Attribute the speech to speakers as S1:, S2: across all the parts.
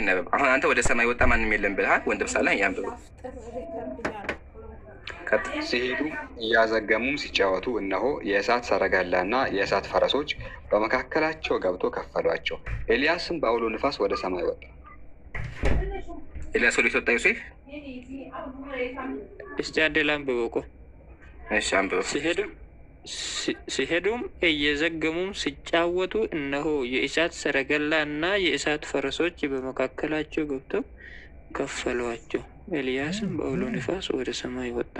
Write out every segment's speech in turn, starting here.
S1: ይነበብ። አሁን አንተ ወደ ሰማይ ወጣ ማንም የለም ብልሃል። ወንድም ሳለህ ያንብብ።
S2: ሲሄዱ እያዘገሙም ሲጫወቱ እነሆ የእሳት ሰረገላና የእሳት ፈረሶች በመካከላቸው ገብቶ ከፈሏቸው። ኤልያስም በአውሎ ንፋስ ወደ ሰማይ ወጣ።
S1: ኤልያስ ወደ ወጣ? ዮሴፍ
S3: እስቲ አንዴ ላንብበው እኮ። እሺ አንብበው። ሲሄዱ ሲሄዱም እየዘገሙም ሲጫወቱ እነሆ የእሳት ሰረገላ እና የእሳት ፈረሶች በመካከላቸው ገብተው ከፈሏቸው። ኤልያስም በአውሎ ንፋስ ወደ ሰማይ ወጣ።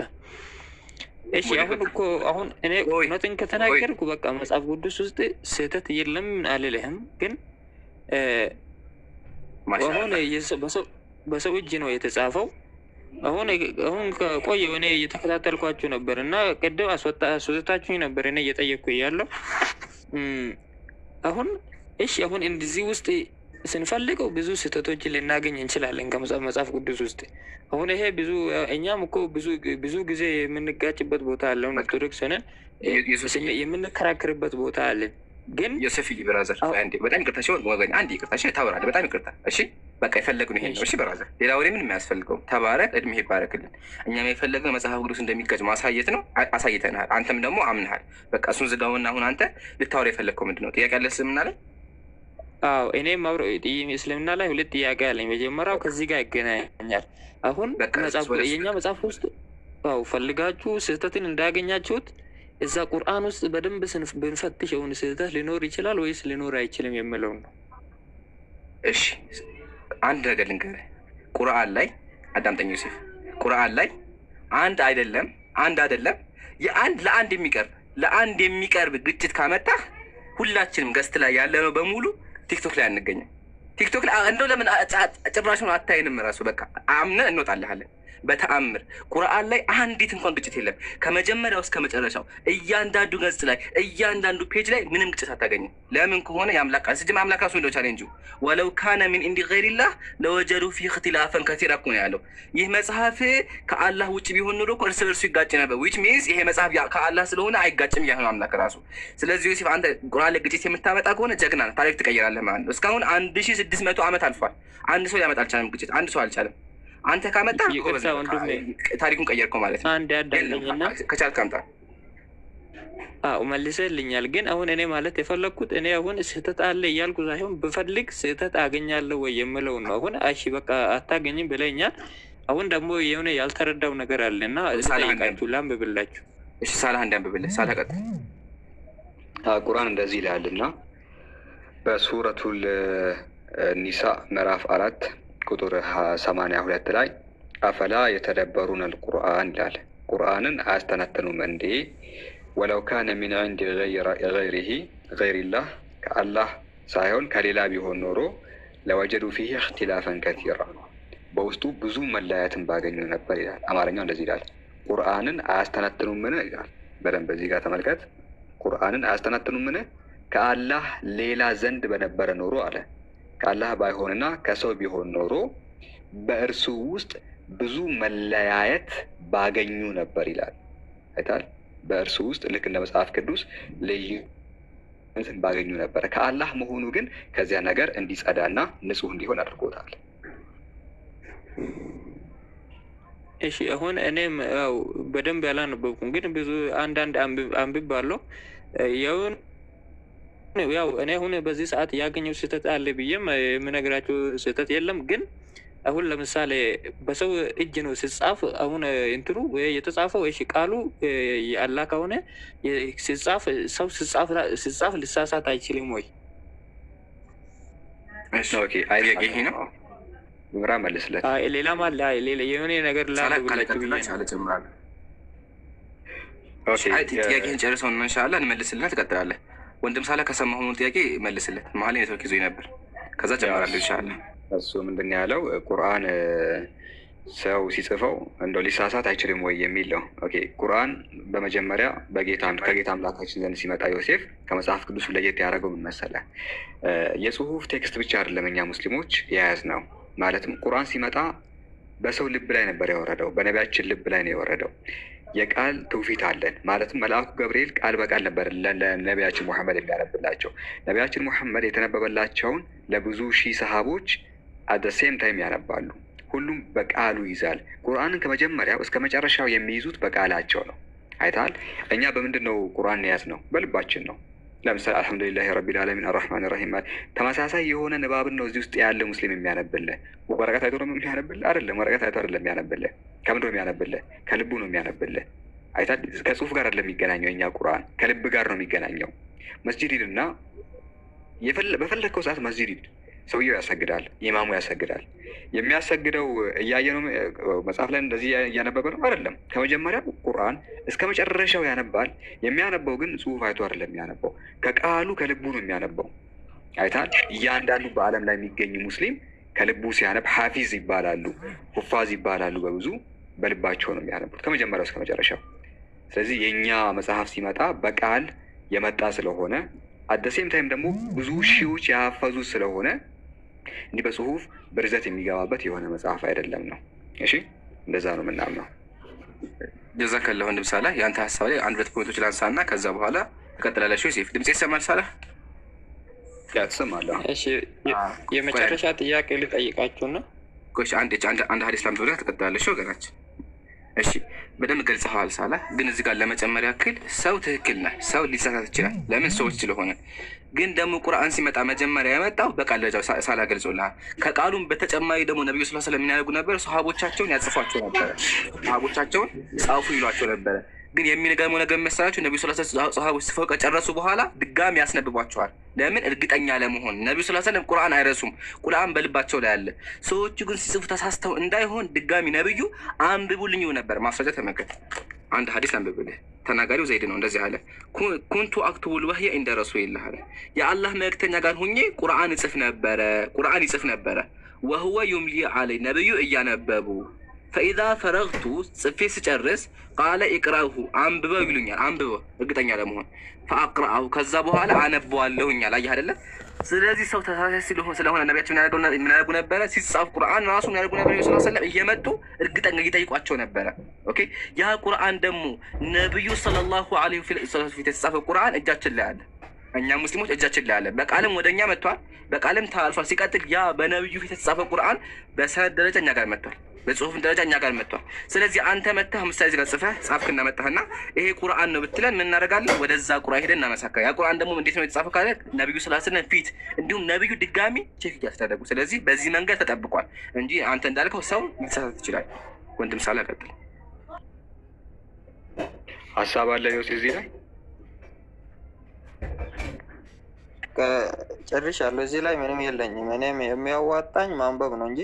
S3: እሺ አሁን እኮ አሁን እኔ እውነትን ከተናገርኩ በቃ መጽሐፍ ቅዱስ ውስጥ ስህተት የለም አልልህም፣ ግን አሁን በሰው እጅ ነው የተጻፈው አሁን አሁን ቆየሁ እኔ እየተከታተልኳችሁ ነበር እና ቅድም አስወጥታችሁኝ ነበር እኔ እየጠየቅኩ ያለው አሁን እሺ አሁን እንደዚህ ውስጥ ስንፈልገው ብዙ ስህተቶች ልናገኝ እንችላለን ከመጽሐፍ ቅዱስ ውስጥ አሁን ይሄ ብዙ እኛም እኮ ብዙ ጊዜ የምንጋጭበት ቦታ አለን ኦርቶዶክስ ሆነን የምንከራከርበት ቦታ አለን
S1: ግን የሰፊ ብራዘር በጣም ይቅርታ ሲሆን አንድ ይቅርታ ታወራለህ በጣም ይቅርታ እሺ በቃ የፈለግነው ይሄን ነው። እሺ በራዘር ሌላ ወሬ ምንም አያስፈልገው። ተባረክ፣ እድሜ ይባረክልን። እኛም የፈለግነው መጽሐፍ ቅዱስ እንደሚቀጭ ማሳየት ነው። አሳይተናል። አንተም ደግሞ አምንሃል። በቃ እሱን ዝጋውና አሁን አንተ ልታወር የፈለግከው ምንድን ነው? ጥያቄ አለህ እስልምና ላይ?
S3: አዎ እኔም አብሮ እስልምና ላይ ሁለት ጥያቄ አለኝ። መጀመሪያው ከዚህ ጋር ይገናኛል። አሁን የኛ መጽሐፍ ውስጥ ፈልጋችሁ ስህተትን እንዳያገኛችሁት እዛ ቁርአን ውስጥ በደንብ ብንፈትሽ የሆነ ስህተት ሊኖር ይችላል ወይስ ሊኖር አይችልም የሚለው ነው።
S1: እሺ አንድ ነገር ልንገርህ፣ ቁርአን ላይ አዳምጠኝ ዮሴፍ፣ ቁርአን ላይ አንድ አይደለም አንድ አይደለም የአንድ ለአንድ የሚቀርብ ለአንድ የሚቀርብ ግጭት ካመጣህ ሁላችንም ገስት ላይ ያለ ነው በሙሉ ቲክቶክ ላይ አንገኝም። ቲክቶክ ላይ እንደው ለምን ጭራሽ አታይንም? ራሱ በቃ አምነን እንወጣልሃለን። በተአምር ቁርአን ላይ አንዲት እንኳን ግጭት የለም። ከመጀመሪያው እስከ መጨረሻው እያንዳንዱ ገጽ ላይ እያንዳንዱ ፔጅ ላይ ምንም ግጭት አታገኝም። ለምን ከሆነ የአምላክ ቃል ስጅም አምላክ ራሱ ቻለ እንጂ ወለው ካነ ሚን እንዲ ገይሪላህ ለወጀዱ ፊ እክትላፈን ከሲራ እኮ ነው ያለው። ይህ መጽሐፍ ከአላህ ውጭ ቢሆን ኖሮ እኮ እርስ በርሱ ይጋጭ ነበር። ዊች ሚንስ ይሄ መጽሐፍ ከአላህ ስለሆነ አይጋጭም እያለ አምላክ ራሱ። ስለዚህ ዮሴፍ አንተ ቁርአን ላይ ግጭት የምታመጣ ከሆነ ጀግና ታሪክ ትቀይራለህ ማለት ነው። እስካሁን አንድ ሺ ስድስት መቶ ዓመት አልፏል። አንድ ሰው ሊያመጣ አልቻለም ግጭት፣ አንድ ሰው አልቻለም። አንተ ካመጣ ታሪኩን ቀየርኩ ማለት
S3: ነው። አንድ ያዳለኝና ከቻልክ አምጣ። አዎ መልሰልኛል። ግን አሁን እኔ ማለት የፈለግኩት እኔ አሁን ስህተት አለ እያልኩ ሳይሆን ብፈልግ ስህተት አገኛለሁ ወይ የምለው ነው። አሁን አሺ በቃ አታገኝም ብለኛል። አሁን ደግሞ የሆነ ያልተረዳው ነገር አለ እና ጠይቃችሁ ላንብብላችሁ።
S1: እሺ ሳላህ እንዳንብብልህ ሳላ ቀጥ
S2: ቁርአን እንደዚህ ይላል እና በሱረቱል ኒሳ ምዕራፍ አራት ቁጥር ሰማንያ ሁለት ላይ አፈላ የተደበሩን አልቁርአን ይላል። ቁርአንን አያስተነትኑም እንዴ? ወለው ካነ ሚን ዒንድ ገይሪሂ ገይሪላህ ከአላህ ሳይሆን ከሌላ ቢሆን ኖሮ ለወጀዱ ፊህ እክትላፈን ከቲራ በውስጡ ብዙ መለያየትን ባገኙ ነበር ይላል። አማርኛው እንደዚህ ይላል። ቁርአንን አያስተነትኑምን ይላል። በደንብ እዚህ ጋር ተመልከት። ቁርአንን አያስተነትኑምን ከአላህ ሌላ ዘንድ በነበረ ኖሮ አለ ከአላህ ባይሆንና ከሰው ቢሆን ኖሮ በእርሱ ውስጥ ብዙ መለያየት ባገኙ ነበር ይላል። አይታል በእርሱ ውስጥ ልክ እንደ መጽሐፍ ቅዱስ ልዩነትን ባገኙ ነበረ። ከአላህ መሆኑ ግን ከዚያ ነገር እንዲጸዳና ንጹህ እንዲሆን አድርጎታል።
S3: እሺ አሁን እኔም ያው በደንብ ያላነበብኩም፣ ግን ብዙ አንዳንድ አንብብ አለው ያውን ያው እኔ አሁን በዚህ ሰዓት ያገኘው ስህተት አለ ብዬም የምነግራችሁ ስህተት የለም። ግን አሁን ለምሳሌ በሰው እጅ ነው ሲጻፍ፣ አሁን እንትኑ የተጻፈው ወይ ቃሉ የአላህ ከሆነ ሲጻፍ ሰው ሲጻፍ ልሳሳት አይችልም ወይ?
S1: ይሄ ነው ምራ መልስለት።
S3: ሌላም አለ የሆነ ነገር
S1: ጥያቄህን ጨርሰው እንሻላ እንመልስልና ትቀጥላለህ። ወንድም ሳለ ከሰማሁን ጥያቄ መልስለት። መሀል ኔትወርክ ይዞ ነበር። ከዛ ጀመራለሁ ይሻላል።
S2: እሱ ምንድን ያለው ቁርአን ሰው ሲጽፈው እንደው ሊሳሳት አይችልም ወይ የሚል ነው። ኦኬ ቁርአን በመጀመሪያ ከጌታ አምላካችን ዘንድ ሲመጣ ዮሴፍ ከመጽሐፍ ቅዱስ ለየት ያደረገው ምን የጽሁፍ ቴክስት ብቻ አይደለም እኛ ሙስሊሞች የያዝ ነው። ማለትም ቁርአን ሲመጣ በሰው ልብ ላይ ነበር የወረደው፣ በነቢያችን ልብ ላይ ነው የወረደው። የቃል ትውፊት አለን። ማለትም መልአኩ ገብርኤል ቃል በቃል ነበር ለነቢያችን ሙሐመድ የሚያነብላቸው። ነቢያችን ሙሐመድ የተነበበላቸውን ለብዙ ሺህ ሰሃቦች አደ ሴም ታይም ያነባሉ። ሁሉም በቃሉ ይዛል። ቁርአንን ከመጀመሪያው እስከ መጨረሻው የሚይዙት በቃላቸው ነው። አይታል እኛ በምንድን ነው ቁርአን ያዝ ነው? በልባችን ነው። ለምሳሌ አልሐምዱሊላ ረቢ ዓለሚን አራህማን ራሂም ተመሳሳይ የሆነ ንባብን ነው እዚህ ውስጥ ያለ ሙስሊም የሚያነብልህ። ወረቀት አይቶ ነው የሚያነብልህ አይደለም። ወረቀት አይቶ አይደለም የሚያነብልህ፣ ከምንድን ነው የሚያነብልህ? ከልቡ ነው የሚያነብልህ። አይታ ከጽሁፍ ጋር አይደለም የሚገናኘው። እኛ ቁርአን ከልብ ጋር ነው የሚገናኘው። መስጂድ ሂድና በፈለግከው ሰዓት መስጂድ ሂድ ሰውየው ያሰግዳል፣ ኢማሙ ያሰግዳል። የሚያሰግደው እያየ ነው። መጽሐፍ ላይ እንደዚህ እያነበበ ነው አይደለም። ከመጀመሪያ ቁርአን እስከ መጨረሻው ያነባል። የሚያነበው ግን ጽሁፍ አይቶ አይደለም የሚያነበው፣ ከቃሉ ከልቡ ነው የሚያነበው። አይታል። እያንዳንዱ በዓለም ላይ የሚገኝ ሙስሊም ከልቡ ሲያነብ ሀፊዝ ይባላሉ፣ ሁፋዝ ይባላሉ። በብዙ በልባቸው ነው የሚያነቡት ከመጀመሪያው እስከ መጨረሻው። ስለዚህ የእኛ መጽሐፍ ሲመጣ በቃል የመጣ ስለሆነ አደሴም ታይም ደግሞ ብዙ ሺዎች ያፈዙ ስለሆነ እንዲህ በጽሁፍ በርዘት የሚገባበት የሆነ መጽሐፍ አይደለም ነው። እሺ እንደዛ ነው የምናምነው።
S1: ጀዛ ከለ ወንድም ሳላ የአንተ ሀሳብ ላይ አንድ ሁለት ፖይንቶች ላንሳ እና ከዛ በኋላ ተቀጥላለሽ። ሴፍ ድምፅ ይሰማል ሳላ? ትሰማለህ?
S3: የመጨረሻ ጥያቄ ልጠይቃችሁ ና
S1: አንድ ሀዲስ ላምጥ ብለህ ተቀጥላለሽ ወገናችን እሺ በደንብ ገልጸኸዋል ሳላህ። ግን እዚህ ጋር ለመጨመር ያክል ሰው ትክክል ነህ፣ ሰው ሊሳሳት ይችላል። ለምን ሰዎች ስለሆነ። ግን ደግሞ ቁርአን ሲመጣ መጀመሪያ የመጣው በቃል ደረጃው ሳላ ገልጾልሃል። ከቃሉም በተጨማሪ ደግሞ ነቢዩ ስላ ስለም የሚያደርጉ ነበር፣ ሰሃቦቻቸውን ያጽፏቸው ነበረ፣ ሰሃቦቻቸውን ጻፉ ይሏቸው ነበረ። ግን የሚገርመው ነገር መሰላቸው ነቢዩ ስላ ሰሃቦች ስፈው ከጨረሱ በኋላ ድጋሚ ያስነብቧቸዋል። ለምን እርግጠኛ ለመሆን ነቢዩ ስላ ሰለም ቁርአን አይረሱም። ቁርአን በልባቸው ላይ አለ። ሰዎቹ ግን ሲጽፉ ተሳስተው እንዳይሆን ድጋሚ ነብዩ አንብቡልኝ ነበር። ማስረጃ ተመልከት። አንድ ሀዲስ አንብብልህ። ተናጋሪው ዘይድ ነው። እንደዚህ አለ፣ ኩንቱ አክቱቡል ወህየ እንደ ይልሃል። የአላህ መልእክተኛ ጋር ሁኜ ቁርአን ይጽፍ ነበረ። ቁርአን ይጽፍ ነበረ። ወህወ ዩምሊ አለይ ነብዩ እያነበቡ ፈኢዛ ፈረግቱ ጽፌ ስጨርስ ቃለ ኢቅራሁ አንብበው ይሉኛል። አንብበው እርግጠኛ ለመሆን ፈአቅራአሁ ከዛ በኋላ አነበዋለሁኛል። አየህ አይደለ? ስለዚህ ሰው ተሳሳይ ስለሆነ ነቢያቸው የሚያደርጉ ነበረ። ሲጻፍ ቁርአን ራሱ የሚያደርጉ ነበር። ስ ሰለም እየመጡ እርግጠኛ እየጠይቋቸው ነበረ። ኦኬ ያ ቁርአን ደግሞ ነቢዩ ሰለላሁ ዐለይሂ ወሰለም የተጻፈ ቁርአን እጃችን ላይ አለ። እኛ ሙስሊሞች እጃችን ላይ አለ። በቃልም ወደ እኛ መጥቷል፣ በቃልም ታልፏል። ሲቀጥል ያ በነቢዩ የተጻፈ ቁርአን በሰነድ ደረጃ እኛ ጋር መጥቷል። በጽሁፍ ደረጃ እኛ ጋር መጥቷል። ስለዚህ አንተ መጥተህ ምሳሌ እዚህ ጋር ጽፈህ ጻፍክና መጣህና ይሄ ቁርአን ነው ብትለን ምን እናደርጋለን? ወደዛ ቁርአን ሄደን እናመሳከር። ያ ቁርአን ደግሞ እንዴት ነው የተጻፈ ካለ ነቢዩ ስላስነ ፊት እንዲሁም ነቢዩ ድጋሚ ቼክ እያስደረጉ ስለዚህ በዚህ መንገድ ተጠብቋል እንጂ አንተ እንዳልከው ሰው ሊሳሳት ይችላል። ወንድም ሳላ ቀጥል። ሀሳብ አለ ዮሴ እዚህ ላይ
S3: ጨርሻለሁ። እዚህ ላይ ምንም የለኝም። እኔም የሚያዋጣኝ ማንበብ ነው እንጂ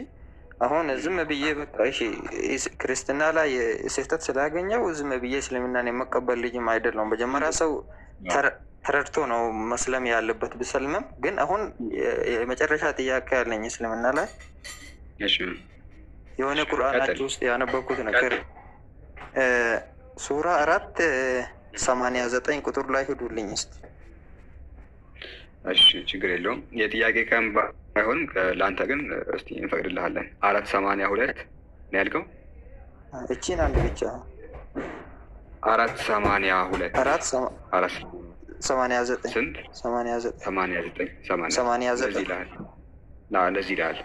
S3: አሁን ዝም ብዬ በቃ እሺ ክርስትና ላይ ስህተት ስላገኘው ዝም ብዬ እስልምናን የመቀበል ልጅም አይደለውም። መጀመሪያ ሰው ተረድቶ ነው መስለም ያለበት። ብሰልምም ግን አሁን የመጨረሻ ጥያቄ ያለኝ እስልምና ላይ የሆነ ቁርአናችሁ ውስጥ ያነበብኩት ነገር ሱራ አራት ሰማንያ ዘጠኝ ቁጥር ላይ ሂዱልኝ እስኪ
S1: እሺ ችግር የለውም። የጥያቄ ቀን ባይሆንም ለአንተ ግን እስቲ እንፈቅድልሃለን። አራት ሰማንያ ሁለት ነው ያልከው።
S3: እቺን አንድ ብቻ
S1: አራት ሰማንያ ሁለት
S3: አራት ሰማንያ ዘጠኝ ስንት ሰማንያ ዘጠኝ
S1: ሰማንያ ዘጠኝ ሰማንያ ዘጠኝ እንደዚህ ይልሃል።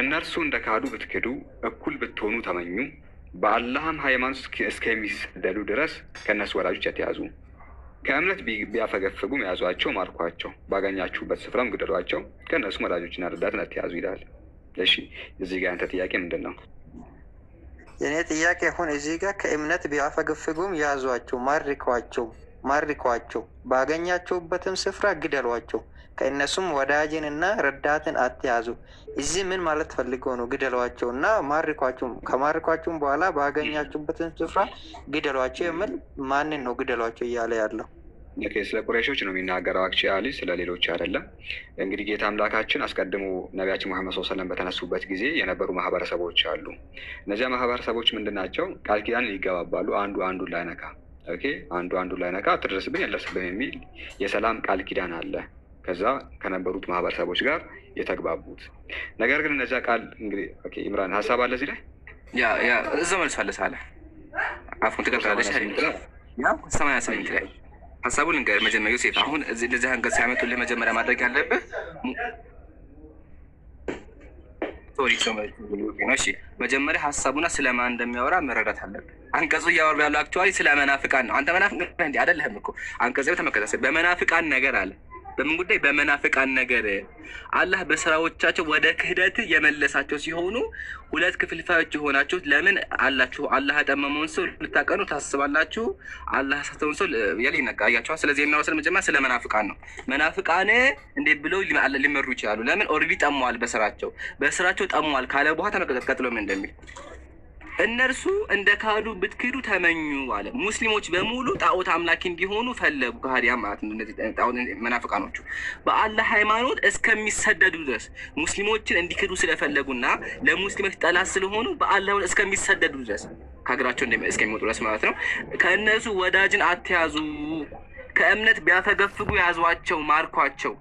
S1: እነርሱ እንደ ካዱ ብትክዱ እኩል ብትሆኑ ተመኙ፣ በአላህም ሃይማኖት እስከሚሰደዱ ድረስ ከእነሱ ወላጆች የተያዙ ከእምነት ቢያፈገፍጉም ያዟቸው፣ ማርኳቸው፣ ባገኛችሁበት ስፍራም ግደሏቸው፣ ከእነሱም ወዳጆችና ረዳትን አትያዙ ይላል። እሺ እዚህ ጋር ያንተ ጥያቄ ምንድን ነው?
S3: የእኔ ጥያቄ አሁን እዚህ ጋር ከእምነት ቢያፈገፍጉም ያዟቸው፣ ማርኳቸው ማርኳቸው፣ ባገኛችሁበትም ስፍራ ግደሏቸው ከእነሱም ወዳጅን እና ረዳትን አትያዙ። እዚህ ምን ማለት ፈልጎ ነው? ግደሏቸው እና ማርኳችሁም ከማርኳችሁም በኋላ ባገኛችሁበትን ስፍራ ግደሏቸው የምል ማንን ነው ግደሏቸው እያለ ያለው?
S1: ስለ ቁረይሾች ነው የሚናገረው። አክቹዋሊ ስለ ሌሎች አይደለም። እንግዲህ ጌታ አምላካችን አስቀድሞ ነቢያችን ሙሐመድ ሰለም በተነሱበት ጊዜ የነበሩ ማህበረሰቦች አሉ። እነዚያ ማህበረሰቦች ምንድን ናቸው? ቃል ኪዳን ይገባባሉ። አንዱ አንዱን ላይነካ፣ አንዱ አንዱን ላይነካ፣ አትድረስብን፣ ያልደርስብን የሚል የሰላም ቃል ኪዳን አለ። ከዛ ከነበሩት ማህበረሰቦች ጋር የተግባቡት። ነገር ግን እነዚያ ቃል እንግዲህ ኢምራን ሀሳብ አለ እዚህ ላይ
S3: እዛ መልሳለስ አለ አፉን ትቀጥላለች። ሰማንያ ስምንት ላይ ሀሳቡ ልንገር መጀመሪያ ሴፍ አሁን እንደዚህ አንቀጽ ሲያመጡ ለመጀመሪያ ማድረግ ያለብህ መጀመሪያ ሀሳቡና ስለማን እንደሚያወራ መረዳት አለብህ። አንቀጹ እያወሩ ያሉ አክቹዋሊ ስለ መናፍቃን ነው። አንተ መናፍቅ እንዲ አደለህም እኮ አንቀጽ ተመከታሰ በመናፍቃን ነገር አለ በምን ጉዳይ? በመናፍቃን ነገር አላህ በስራዎቻቸው ወደ ክህደት የመለሳቸው ሲሆኑ ሁለት ክፍልፋዮች የሆናችሁት ለምን አላችሁ? አላህ ያጠመመውን ሰው ልታቀኑ ታስባላችሁ። አላህ ያሳተውን ሰው ያል ይነቃያቸዋል። ስለዚህ የምናወሰን መጀመሪያ ስለ መናፍቃን ነው። መናፍቃን እንዴት ብለው ሊመሩ ይችላሉ? ለምን ኦልሬዲ ጠመዋል፣ በስራቸው በስራቸው ጠመዋል ካለ በኋላ ተመቀጥቀጥሎ ምን እንደሚል እነርሱ እንደ ካህሉ ብትክዱ ተመኙ አለ። ሙስሊሞች በሙሉ ጣዖት አምላኪ እንዲሆኑ ፈለጉ። ካህዲያ ማለት መናፍቃኖቹ በአላህ ሃይማኖት እስከሚሰደዱ ድረስ ሙስሊሞችን እንዲክዱ ስለፈለጉና ለሙስሊሞች ጠላት ስለሆኑ በአላህ እስከሚሰደዱ ድረስ ከሀገራቸው እስከሚወጡ ድረስ ማለት ነው። ከእነርሱ ወዳጅን አትያዙ፣ ከእምነት ቢያፈገፍጉ ያዟቸው፣ ማርኳቸው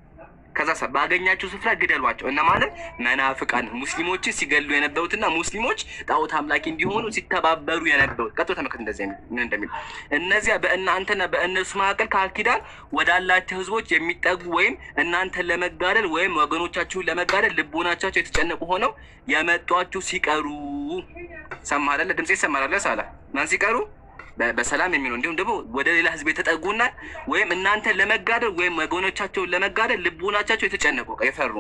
S3: ከዛ ባገኛችሁ ስፍራ ግደሏቸው እና ማለት መናፍቃን ሙስሊሞችን ሲገሉ የነበሩትና ሙስሊሞች ጣዖት አምላኪ እንዲሆኑ ሲተባበሩ የነበሩት ቀጥሎ ተመልከት እንደዚህ ምን እንደሚል እነዚያ በእናንተና በእነሱ መካከል ቃል ኪዳን ወዳላቸው ህዝቦች የሚጠጉ ወይም እናንተን ለመጋደል ወይም ወገኖቻችሁን ለመጋደል ልቦናቻቸው የተጨነቁ ሆነው የመጧችሁ ሲቀሩ ሰማለ ድምጽ ይሰማላለ ሳላ ማን ሲቀሩ በሰላም የሚኖር እንዲሁም ደግሞ ወደ ሌላ ህዝብ የተጠጉና ወይም እናንተ ለመጋደል ወይም ወገኖቻቸውን ለመጋደል ልቡናቻቸው የተጨነቁ የፈሩ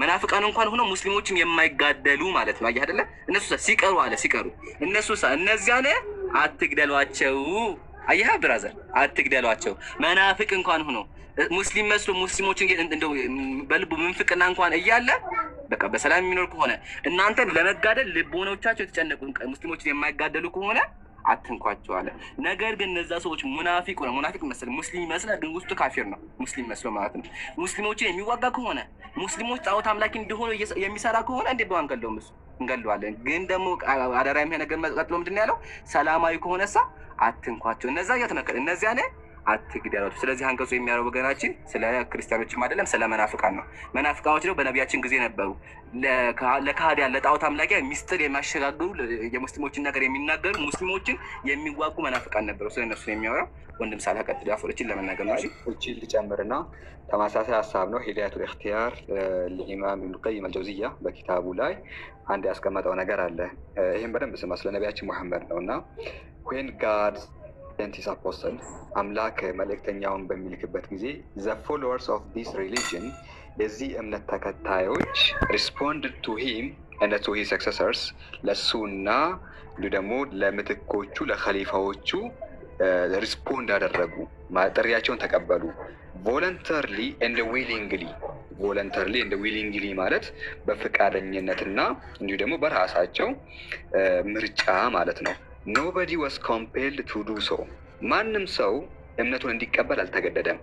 S3: መናፍቃን እንኳን ሆኖ ሙስሊሞችን የማይጋደሉ ማለት ነው። አየህ አይደለ? እነሱ ሲቀሩ አለ ሲቀሩ እነሱ እነዚያን አትግደሏቸው። አየህ ብራዘር፣ አትግደሏቸው። መናፍቅ እንኳን ሆኖ ሙስሊም መስሎ ሙስሊሞችን በልቡ ምንፍቅና እንኳን እያለ በቃ በሰላም የሚኖር ከሆነ እናንተን ለመጋደል ልቦኖቻቸው የተጨነቁ ሙስሊሞችን የማይጋደሉ ከሆነ አትንኳቸው አለ። ነገር ግን እነዛ ሰዎች ሙናፊቅ ነው ሙናፊቅ መሰለ ሙስሊም ይመስለ ግን ውስጡ ካፊር ነው ሙስሊም መስሎ ማለት ነው። ሙስሊሞችን የሚዋጋ ከሆነ ሙስሊሞች ጣዖት አምላኪ እንዲሆኑ የሚሰራ ከሆነ እንዴ በዋ እንገለው ምስ እንገለዋለን። ግን ደግሞ አደራ የሚሆነ ነገር መቀጥሎ ምንድን ያለው ሰላማዊ ከሆነ ሳ አትንኳቸው እነዛ እያትነከል እነዚያ ነ አትግደሉት። ስለዚህ አንቀጹ የሚያለው ወገናችን ስለ ክርስቲያኖችም አይደለም ስለ መናፍቃን ነው። መናፍቃዎች ነው በነቢያችን ጊዜ ነበሩ። ለካህዲያን ለጣዖት አምላኪያ ሚስጥር የሚያሸጋግሩ የሙስሊሞችን ነገር የሚናገሩ ሙስሊሞችን የሚዋጉ መናፍቃን ነበሩ። ስለ እነሱ የሚያወራው። ወንድም ሳላ ቀጥል አፎችን ለመናገር ነው።
S2: እቺ ልጨምርና ተመሳሳይ ሀሳብ ነው ሂዳያቱ ኢክትያር ለኢማም ኢብኑ ቀይም አልጀውዚያ በኪታቡ ላይ አንድ ያስቀመጠው ነገር አለ። ይህም በደንብ ስማ። ስለ ነቢያችን መሐመድ ነው እና ዌን ጋድ ፕሬዚደንት ኢሳቅ አፖስተል አምላክ መልእክተኛውን በሚልክበት ጊዜ ዘ ፎሎወርስ ኦፍ ዲስ ሪሊጅን የዚህ እምነት ተከታዮች ሪስፖንድ ቱ ሂም እንደ ቱ ሂስ ሰክሰሰርስ ለእሱ እና ደግሞ ለምትኮቹ ለከሊፋዎቹ ሪስፖንድ አደረጉ፣ ጥሪያቸውን ተቀበሉ። ቮለንተርሊ እንደ ዊሊንግሊ ቮለንተርሊ እንደ ዊሊንግሊ ማለት በፈቃደኝነትና እንዲሁ ደግሞ በራሳቸው ምርጫ ማለት ነው። ኖበዲ ወስ ኮምፔልድ ቱ ዱ ሶ ማንም ሰው እምነቱን እንዲቀበል አልተገደደም።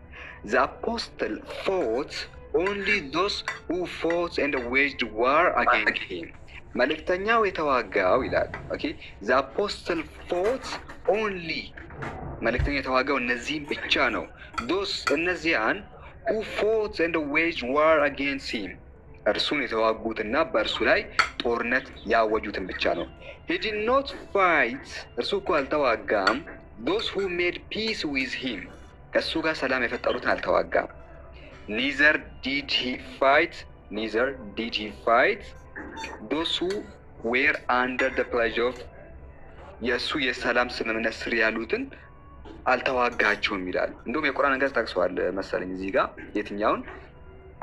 S2: ዘ አፖስትል ፎት ኦንሊ ዞስ ሁ ፎት ኤንድ ዌጅድ ዋር አጌንስት ሂም መልእክተኛው የተዋጋው ይላል። ዘ አፖስትል ፎት ኦንሊ መልእክተኛው የተዋጋው እነዚህም ብቻ ነው። ዞስ እነዚያን ሁ ፎት ኤንድ ዌጅድ ዋር አጌንስት ሂም እርሱን የተዋጉትና በእርሱ ላይ ጦርነት ያወጁትን ብቻ ነው። ሂ ኖት ፋይት እርሱ እኮ አልተዋጋም። ዶስ ሁ ሜድ ፒስ ዊዝ ሂም ከእሱ ጋር ሰላም የፈጠሩትን አልተዋጋም። ኒዘር ዲድ ሂ ፋይት ኒዘር ዲድ ሂ ፋይት ዶስ ሁ ዌር አንደር ደ ፕሌዥ ኦፍ የእሱ የሰላም ስምምነት ስር ያሉትን አልተዋጋቸውም ይላል። እንዲሁም የቁራን አንቀጽ ጠቅሰዋል መሰለኝ እዚህ ጋር የትኛውን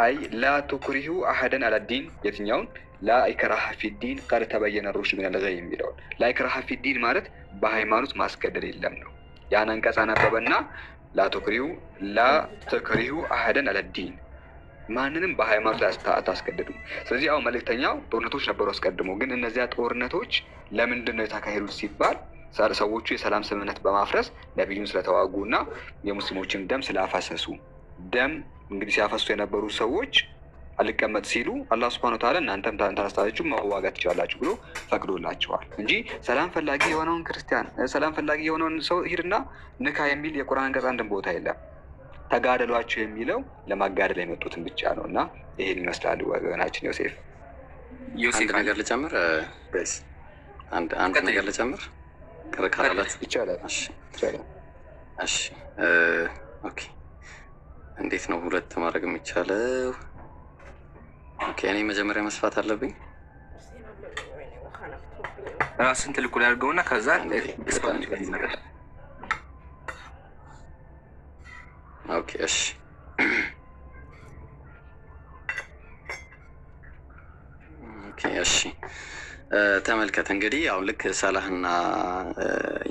S2: አይ ላ ቱክሪሁ አህደን አላዲን የትኛውን ላይክራሃ ፊዲን ቀድ ተበየነ ሩሽ ምን ገይ የሚለውን ላይክራሃ ፊዲን ማለት በሃይማኖት ማስገደድ የለም ነው። ያን አንቀጽ አነበበና ላ ቱክሪሁ ላ ትክሪሁ አህደን አላዲን ማንንም በሃይማኖት ላይ አታስገድዱም። ስለዚህ አሁን መልእክተኛው ጦርነቶች ነበሩ አስቀድሞ። ግን እነዚያ ጦርነቶች ለምንድን ነው የተካሄዱት ሲባል ሰዎቹ የሰላም ስምምነት በማፍረስ ነቢዩን ስለተዋጉ እና የሙስሊሞችን ደም ስላፈሰሱ ደም እንግዲህ ሲያፈሱ የነበሩ ሰዎች አልቀመጥ ሲሉ አላህ ስብሐነ ወተዓላ እናንተም ተነስታችሁ መዋጋት ትችላላችሁ ብሎ ፈቅዶላቸዋል እንጂ ሰላም ፈላጊ የሆነውን ክርስቲያን ሰላም ፈላጊ የሆነውን ሰው ሂድና ንካ የሚል የቁርአን አንቀጽ አንድም ቦታ የለም። ተጋደሏቸው የሚለው ለማጋደል የመጡትን ብቻ ነው። እና ይሄን ይመስላል ወገናችን ዮሴፍ።
S1: ዮሴፍ ነገር ልጨምር፣ አንድ ነገር ልጨምር ይቻላል። እሺ ኦኬ እንዴት ነው ሁለት ማድረግ የሚቻለው? ኦኬ እኔ መጀመሪያ መስፋት አለብኝ። ራስን ትልቁ ላይ አድርገውና ከዛ ኦኬ እሺ እሺ ተመልከት እንግዲህ ያው ልክ ሰላህና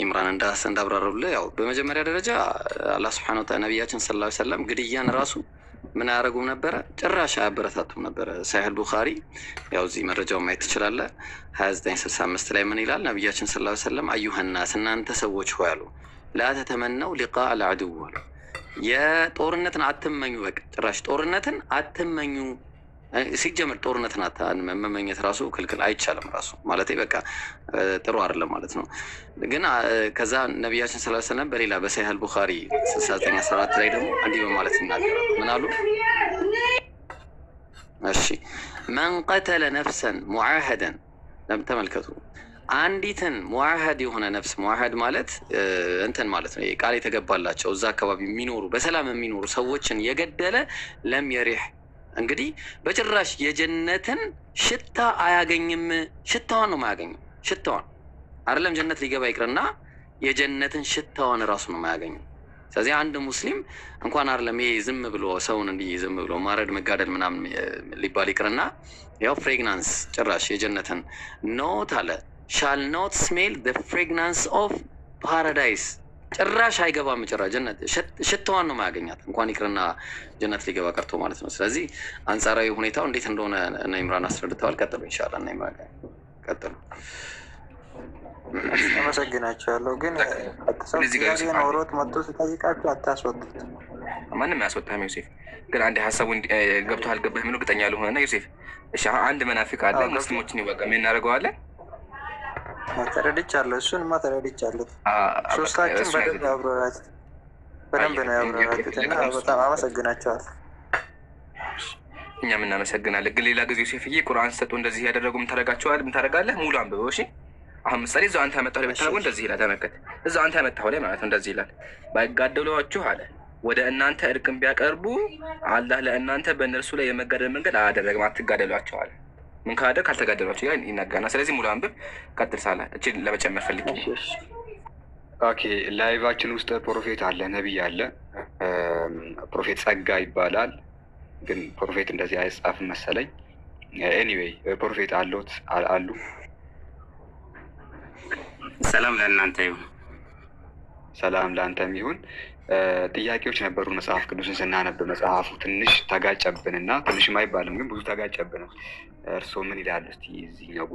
S1: ኢምራን እንዳብራሩልህ ያው በመጀመሪያ ደረጃ አላህ ስብሐነሁ ወተዓላ ነቢያችን ሰለላሁ ዐለይሂ ወሰለም ግድያን ራሱ ምን አያደርጉም ነበረ? ጭራሽ አያበረታቱም ነበረ። ሳሂህ ቡኻሪ ያው እዚህ መረጃው ማየት ትችላለህ። 2965 ላይ ምን ይላል ነቢያችን ሰለላሁ ዐለይሂ ወሰለም አዩሀናስ እናንተ ሰዎች ሆይ አሉ ላተተመነው ሊቃ አልዐድው አሉ የጦርነትን አትመኙ፣ በቃ ጭራሽ ጦርነትን አትመኙ ሲጀምር ጦርነት ናት መመኘት ራሱ ክልክል አይቻልም። ራሱ ማለት በቃ ጥሩ አይደለም ማለት ነው። ግን ከዛ ነቢያችን ስላ ሰለም በሌላ በሳይህል ቡኻሪ ስልሳ ዘጠኝ አስራ አራት ላይ ደግሞ እንዲህ በማለት ይናገራል። ምን አሉ? እሺ መን ቀተለ ነፍሰን ሙዓሀደን ተመልከቱ። አንዲትን ሙዋሀድ የሆነ ነፍስ ሙዋሀድ ማለት እንትን ማለት ነው፣ ቃል የተገባላቸው እዛ አካባቢ የሚኖሩ በሰላም የሚኖሩ ሰዎችን የገደለ ለም የሪሕ እንግዲህ በጭራሽ የጀነትን ሽታ አያገኝም። ሽታዋን ነው የማያገኘው። ሽታዋን አይደለም ጀነት ሊገባ ይቅርና የጀነትን ሽታዋን እራሱ ነው የማያገኘው። ስለዚህ አንድ ሙስሊም እንኳን አይደለም ይሄ ዝም ብሎ ሰውን እንዲህ ዝም ብሎ ማረድ፣ መጋደል ምናምን ሊባል ይቅርና ያው ፍሬግናንስ ጭራሽ የጀነትን ኖት አለ ሻል ኖት ስሜል ፍሬግናንስ ኦፍ ፓራዳይስ ጭራሽ አይገባም። ጭራ ጀነት ሽታዋን ነው ማያገኛት እንኳን ይቅርና ጀነት ሊገባ ቀርቶ ማለት ነው። ስለዚህ አንጻራዊ ሁኔታው እንዴት እንደሆነ እነ ኢምራን አስረድተዋል። ቀጥሉ ኢንሻላህ እና ኢምራን ቀጥሉ።
S3: አመሰግናቸዋለሁ። ግን ጥያቄ ኖሮት መጥቶ ሲጠይቃችሁ አታስወጡት።
S1: ማንም አያስወጣም። ዮሴፍ ግን አንድ ሀሳቡ ገብቶ አልገባህ የሚለው ግጠኛ ያልሆነ ዮሴፍ። እሺ አንድ መናፍቅ አለ ሙስሊሞችን ይበቃ ምን
S3: ተረድቻለሁ። እሱንማ ተረድቻለሁ። ሶስታችን በደንብ አብረራችሁ በደንብ ነው ያብረራችሁት እና በጣም አመሰግናቸዋለሁ።
S1: እኛም እናመሰግናለን። ግን ሌላ ጊዜ ሴፍዬ ቁርአን ሰጡ እንደዚህ ያደረጉ ምታረጋቸዋል ምታረጋለህ ሙሉ አንብበው እሺ። አሁን ምሳሌ እዛ አንተ ያመጣሁ ላይ ብታደረጉ እንደዚህ ይላል። ተመከት እዛ አንተ ያመጣሁ ላይ ማለት ነው እንደዚህ ይላል። ባይጋደሏችሁ አለ ወደ እናንተ እርቅም ቢያቀርቡ አላህ ለእናንተ በእነርሱ ላይ የመጋደል መንገድ አያደረግም። አትጋደሏቸው አለ። ምን ካደ ካልተጋደሏቸው ጋር ይናጋና ስለዚህ ሙሉ አንብብ ቀጥል ሳለ እች ለመጨመር ፈልግ
S2: ኦኬ ላይቫችን ውስጥ ፕሮፌት አለ ነቢይ አለ ፕሮፌት ጸጋ ይባላል ግን ፕሮፌት እንደዚህ አይጻፍም መሰለኝ ኤኒዌይ ፕሮፌት አለት አሉ
S1: ሰላም ለእናንተ ይሁን
S2: ሰላም ለአንተም ይሁን ጥያቄዎች ነበሩ መጽሐፍ ቅዱስን ስናነብ መጽሐፉ ትንሽ ተጋጨብንና ትንሽም አይባልም ግን ብዙ ተጋጨብን እርስዎ ምን ይላሉ? እስቲ እዚህኛው